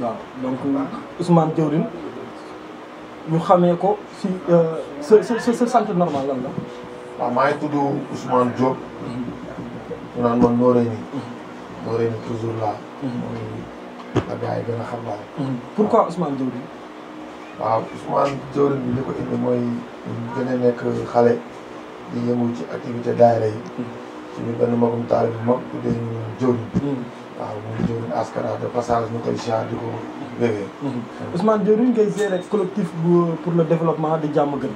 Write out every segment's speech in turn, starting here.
waaw donc Ousmane Diawrin ñu xamee ko si euh, sa sa sa sant normal la. waaw maa ngi tudd Ousmane Diop. naan man Noreyni. Mhm. Noreyni toujours là. Mhm. mooy la gars yi gën a xam daal. Mhm. pourquoi Ousmane Diawrin. waaw Ousmane Diawrin bi li ko indi mooy gën a nekk xale di yëngu ci activité daayira yi. suñu benn magum taal bi mag tuddee ñu Diawrin. waaw moom jëwriñ askara de passage ñu koy ziar di ko bébé. Mhm. Ousmane jëwriñ ngay gérer collectif pour le développement di jàmm gën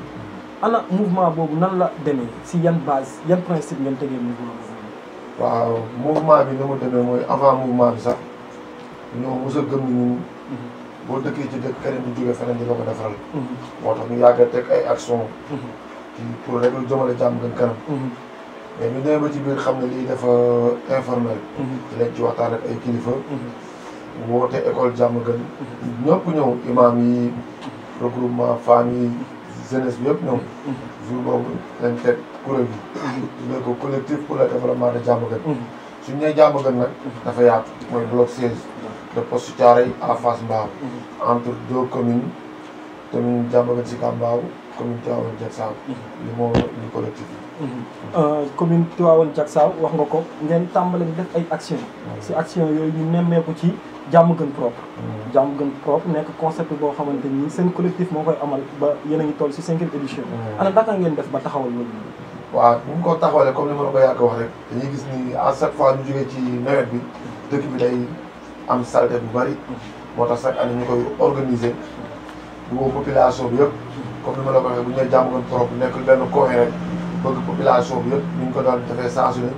ana mouvement boobu nan la demee si yan base yan principe ngeen tegee mouvement boobu. waaw mouvement bi ni mu demee mooy avant mouvement bi sax ñoo mos a gëm ñu mhm. boo dëkkee ci dëkk keneen di jóge feneen di la ko defaral. Mhm. moo tax ñu yàgg a teg ay action ci pour rek jëmale jàmm gën kanam. mais ñu demee ba ci biir xam ne lii dafa informel. ci mhm. lañ ci waxtaan ak ay kilifa. Mhm. woote école jàmm gën. ñëpp ñëw imam yi regroupement femmes yi jeunesse bi yëpp ñëw. Mhm. jour boobu lañ teg kuréel bi. ñu ne ko collectif pour le développement de jàmm gën. suñ nee jàmm gën nag. dafa yaatu mooy bloc 16. de poste Thiaroye à Fass Mbao. entre deux communes commune jàmm gën si Kambaaw. commune Tivaouane Diack Sao mm-hmm. li moo li collectif bi mm-hmm. euh, commune Tivaouane Diack wax nga ko ngeen tàmbali def ay action mm-hmm. si action yooyu ñu ko ci jàmm gën propre jàmm gën propre nekk concept boo xamante nii seen collectif moo koy amal ba yeneen a toll si cinquième édition ana naka ngeen def ba taxawal loolu waaw bu ñu ko taxawalee comme ni ma la ko yàgg wax rek dañuy gis ni à chaque fois ñu jógee ci nawet bi dëkk bi day am saleté bu bari moo tax chaque année ñu koy organiser bu population yëpp comme ni ma ko waxee bu ñëwee jàmm gën nekk nekkul benn coin rek bëgg population bi ko daan defee saa su ne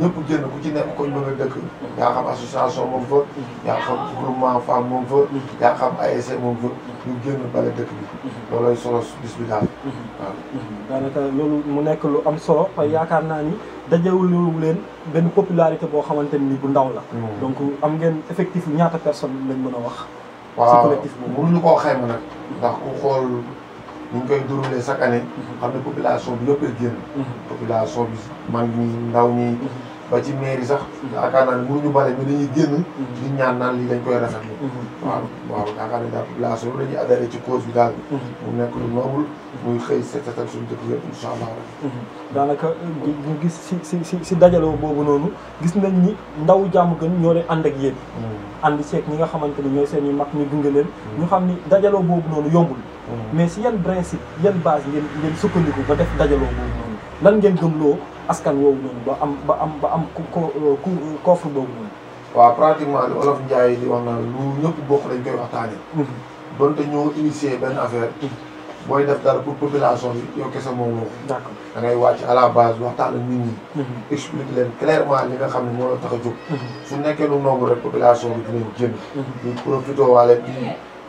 ñëpp génn ku ci nekk ko bëgg a dëkk yaa xam association moom fa yaa xam groupement moom fa yaa xam ASC moom fa ñu génn bale dëkk bi loolooy solo bis bi daal waaw daanaka loolu mu nekk lu am solo yaakaar naa ni dajewul loolu leen benn popularité boo xamante ni bu ndaw la hmm. donc am ngeen effectif ñaata personne lañ mën a wax waaw si collectif boobu mënuñu koo xayma nag ndax ku xool ñu koy déroulé chaque année mhm. xam ne population bi yëpp génn mhm. population bi mag ñi ndaw ñi mhm. ba ci mairie sax yaakaar naa ne mënuñu bale mais dañuy génn di ñaanaan naan dañ koy rafetlu waaw waaw yaakaar naa daal population bi dañuy adhéré ci cause bi daal mu nekk lu noobul muy xëy set setal suñu dëkk yëpp incha allah daanaka ñu euh, gis si si si si dajaloo boobu noonu gis nañ ni ndaw jàmm gën ñoo leen ànd ak yéen mm. ànd ceeg ñi nga xamante ni ñooy seen i mag ñu gunge leen mm. ñu xam ni dajaloo boobu noonu yombul Mhm. mais si yan principe yan base ngeen ngeen sukkandiku ba def dajaloo boobu noonu lan ngeen gëmloo askan woowu noonu ba am ba am ba am ku coffre boobu noonu. waaw pratiquement li olof Ndiaye di wax na lu ñëpp bokk dañ koy waxtaanee. Mhm. donte ñoo initier benn affaire. Mhm. booy def dara pour population bi yow kese moom moo ko. d'accord da ngay wàcc à la base waxtaan ak nit explique leen clairement li nga xam ne moo la tax a jóg. su nekkee lu nombre rek population bi dinañ génn. ñu profité waale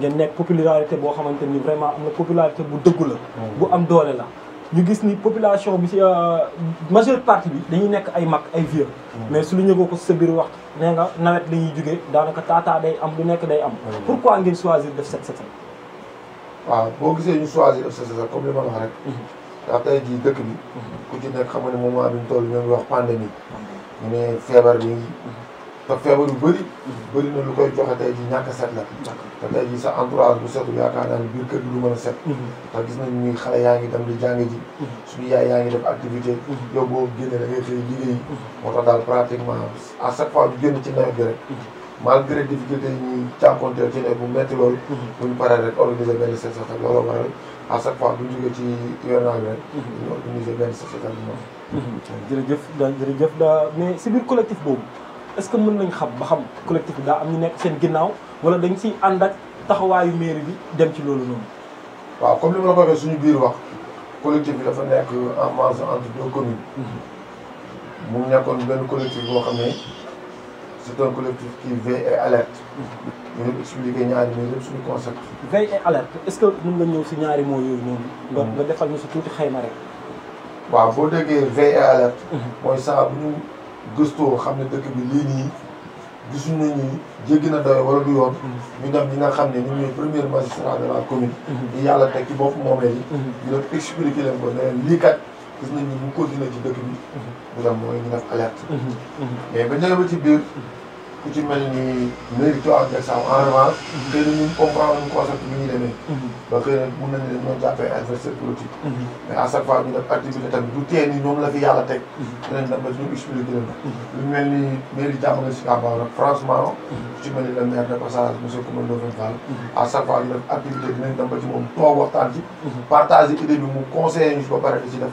ngeen nekk popularité boo xamante vraiment une popularité bu dëggu bu am doole la. ñu gis ni population bi ci euh, majeure partie bi dañuy nek ay mak ay vieux. mais su lu ñëgoo ko sa bir wax né nga nawet dañuy juggé jugee tata day am lu nek day am. pourquoi ngeen choisir def cette cette waaw bo gisé ñu choisir def cette cette comme li ma wax rek. Mhm. ndax tey jii dëkk bi. Mhm. ku ci nek xam nga ne moment bi ñu toll ñu ngi wax pandémie. ñu ne feebar bi. Mhm. te feebar yu bëri bëri na lu koy joxe tey ji ñàkk a set la te tey ji sa entourage bu setul yaakaar naa ne biir kër du mën a set mhm. te gis nañ ni xale yaa ngi dem di jàng ji mhm. suñu yaay yaa ngi def activité mhm. yow boo génnee da ngay xëy liggéey moo tax daal pratiquement à chaque fois bu génn ci nawet bi rek bu metti loolu bu ñu paree rek organiser benn set setal loolu waral chaque fois bu ñu ci yoonal rek ñu organiser benn set setal bi moom jërëjëf daa jërëjëf daa mais si biir collectif boobu est-ce que mën nañ xam ba xam collectif da am ñu nekk seen ginnaaw wala dañ ci ànd ak taxawaayu mairie bi dem ci lolu non waaw comme li ma ko waxee suñu biir wax collectif bi dafa nekk en marge entre deux communes. Mhm. mu nekkoon benn collectif bo xamné c'est un collectif qui veille et alerte. ñu ngi expliqué ñaari mots yëpp suñu concept. veille et alerte est-ce que mën nga ñëw ci ñaari mots yooyu non mhm. nga nga defal ñu ci tuuti xeyma rek. waaw bo déggee veille et alerte. Mhm. mooy saa bu ñu. gëstoo xam ne dëkk bi lii nii gisuñ ne nii jéggi na doy wala du yoon. ñu def ñi nga xam ne ñu ñooy premier magistrat de la commune. Mhm. ñu yàlla teg ci bopp moomee yi. Mhm. ñu doon expliqué leen ko ne leen lii kat gis nañ ni mu continué ci dëkk bi. bu mhm. dem mooy ñu def mais ba ñëwee ba ci biir. ku ci mel ni mairie Tivaouane Diacksao en revanche. xëy mhm. na ñun comprendre nañu concept bi ñuy demee. Mhm. ba xëy na mun nañu leen ñoo jàppee adversaire mhm. ni la fi yàlla teg. dinañ dem ba ñu expliqué leen. lu mel ni mairie Diamaguène Sicap Mbao nag franchement. ku ci mel ni le maire de passage monsieur Coumba Ndoffène Fall. à chaque fois ñu def activité dinañ dem ba ci moom toog waxtaan ci. partager idée bi mu conseillé ñu ci ba pare di ci def.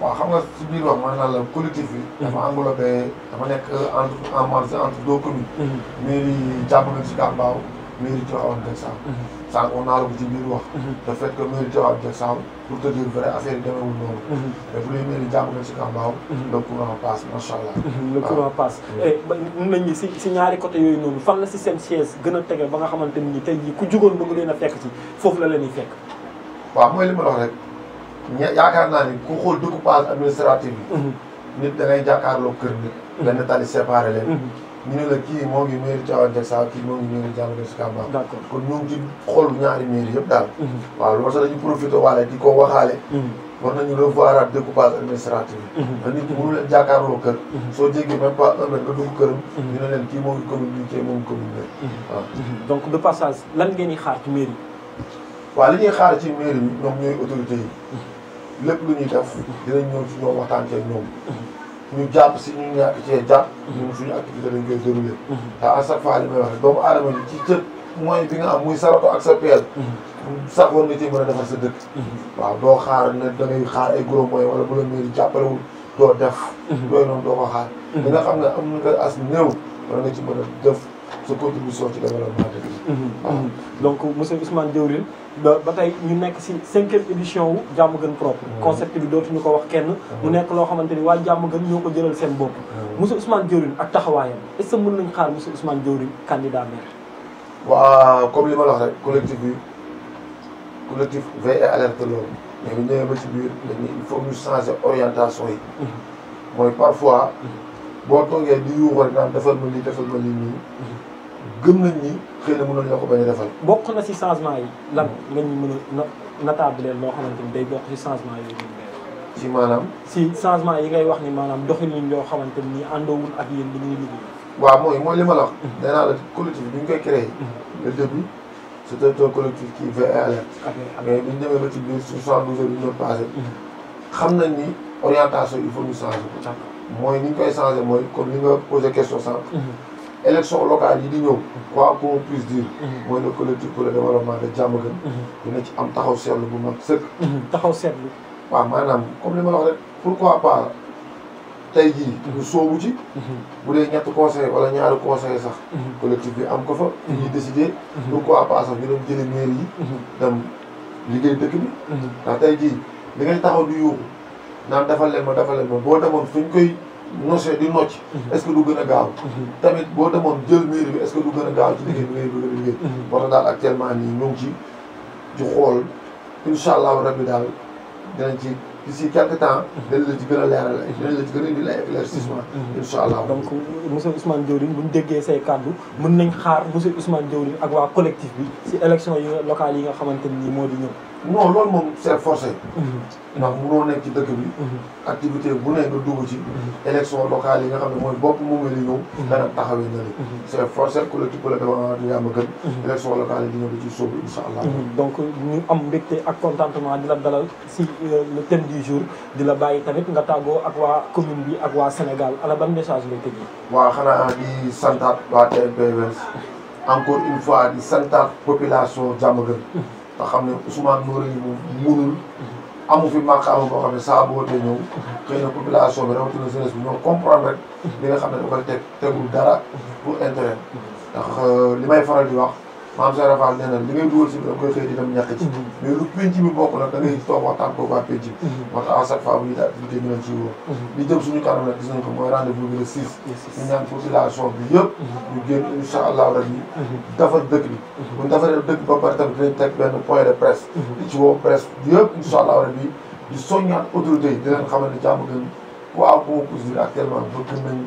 waaw xam nga si biir wax man naan la collectif bi. dafa hmm. englobé dafa nekk euh, entre en marge entre deux hmm. mairie jàpp nañu si Kambaaw mairie Tivaouane Diack Sao. Hmm. sànq a la ci biir wax. le fait que mairie Tivaouane Diack Sao pour te dire vrai demewul noonu. mais bu si Kambaaw. le courant passe macha allah. courant passe. Eh, ba mën nañu si ñaari côté yooyu noonu fan la si seen siège gën a tege ba nga xamante ni tey jii ku jugoon bëgg leen a fekk ci foofu la leen di fekk. waaw mooy li ma rek. yaakaar naa ni ku xool découpage administratif bi. Mhm. nit da ngay jàkkaarloo kër gi. Mhm. benn tali séparé leen. Mhm. ñu la kii moo ngi mairie Tivaouane sa kii moo ngi mairie Diamaguène Sicap Mbao. d'accord kon ñu ngi ci xool ñaari mairie yëpp daal. waaw loolu sax dañuy profité waale di ko waxaale. war nañu revoir découpage administratif bi. da nit mënu leen jàkkaarloo kër. soo jéggee même pas un mètre nga dugg këram. ñu leen kii moo ngi commune bi kii moo ngi commune donc de passage lan ngeen di xaar ci mairie. waaw li ñuy xaar ci mairie bi ñoom ñooy autorités lépp lu ñuy def dinañ ñëw ci ñoom waxtaan ceeg ñoom ñu jàpp si ñu ñàkk cee jàpp ñun suñu activité dañ koy déroulé te à chaque fois li may wax doomu aadama bi ci cët mooy bi nga am muy sarako ak sa peel sax war nga ci mën a defar sa dëkk waaw doo xaar ne da ngay xaar ay gros moyens wala bu la mairie jàppalewul doo def mhm. yooyu noonu doo ko xaar mhm. li nga xam ne am nga as néew war nga ci mën a def sa contribution ci développement bi. donc monsieur Ousmane Diawrigne ba tey ñu nekk 5 cinquième édition wu jamm gën propre. Mhm. concept bi dootuñu ko wax kenn. mu mhm. nekk lo xamanteni ni jamm gën ñoko ko jëlal seen bopp. Mhm. monsieur Ousmane Diawrigne ak taxawayam est ce que mën nañ xaar monsieur Ousmane Diawrigne candidat maire. waaw comme li ma wax rek collectif bi collectif veille et alerte lool mais bu ñëwee ba ci biir dañuy il faut ñu changer orientation yi. mooy parfois. boo toogee di yuuxu rek naan defal ma lii defal ma lii nii. gëm nañ ni xëy na mënoon la ko bañ a defal. bokk na si changement yi lan nga ñu mën a notable loo xamante ni day bokk si changement si maanaam. si changement yi ngay wax ni maanaam doxalin yoo xamante ni àndoowul ak yéen li ñuy liggéey. waaw mooy mooy li ma la wax. Mhm. nee la collectif bi ñu koy créé. Mhm. le début c' était un collectif qui veille et alerte. mais bu demee ba ci biir soixante-douze bi ñu doon mhm. xam nañ ni orientation il faut ñu changer ko. mooy ni ñu koy changer mooy comme ni nga posé question sànq. élection locale yi di ñëw mm-hmm. quoi qu'on puisse dire mm-hmm. mooy le collectif pour le développement de Diamaguène mm-hmm. dina ci am taxaw seetlu bu mag sëkk taxaw seetlu waaw maanaam comme li ma la wax rek pourquoi pas tey jii ñu soobu ci bu dee ñetti conseil wala ñaari conseil sax collectif bi am ko fa ñuy décider pourquoi pas sax ñu dem jëli mairie yi dem liggéey dëkk bi ndax tey jii li ngay taxaw di yuuxu naan defal leen ma defal leen ma boo demoon fu ñu koy nocé di nocc mhm. est-ce que du gën a gaaw mhm. tamit boo demoon jël miir bi est-ce que du gën a gaaw ci liggéey bi ngay bëgg a liggéey war mhm. na daal actuellement ci ci xool incha temps dinañ la ci gën a leeral dinañ la ci gën a indi lay éclaircissement incha allah donc monsieur Ousmane Diawrigne buñ déggee say kàddu mën nañ xaar monsieur Ousmane Diawrigne ak waa collectif bi si election yi locales yi nga xamante nii moo di ñëw non loolu moom c'est forcé. Mhm. ndax munoo nekk ci dëkk bi. Mhm. activité bu ne nga dugg ci. Mhm. élection locale yi nga xam ne mooy bopp moom la ñu ñëw. nga ne. c'est forcé ku la ci ku la demoon di nga am gën. élection locale yi di ñëw di ci sóobu incha allah. donc ñu am mbégte ak contentement di la dalal si euh, le thème du jour di la bàyyi tamit nga tàggoo ak waa commune bi ak waa Sénégal ala ban message ngay waa waaw xanaa di santaat waa TMP encore une fois di santaat population Diamaguène. nga xam ne Ousmane Nouré yi moom munul amu fi maqaama boo xam ne saa boo tee ñëw xëy na population bi rawatina jeunesse bi ñoo comprendre rek li nga xam ne dafay teg tegul dara pour intérêt ndax euh, li may faral di wax maam Cheikh Fall nee na li ngay dugal si bi da koy xëy di dem ñàkk ci mhm. mais lu penc bi bokk nag da ngay toog waxtaan ko waa penc bi mhm. moo tax à chaque fois bu ñu daal liggéey ñu leen ciy woo mhm. li jëm suñu kanam nag gis nañ ko mooy rendez-vous bi le 6 ñu ñaan population bi yëpp ñu génn incha allahu rabbi de presse di ci woo presse yëpp incha allahu rabbi di soññaat autorité yi di leen xamal ne jàmm gën waaw boo ko gis actuellement bëgg nañ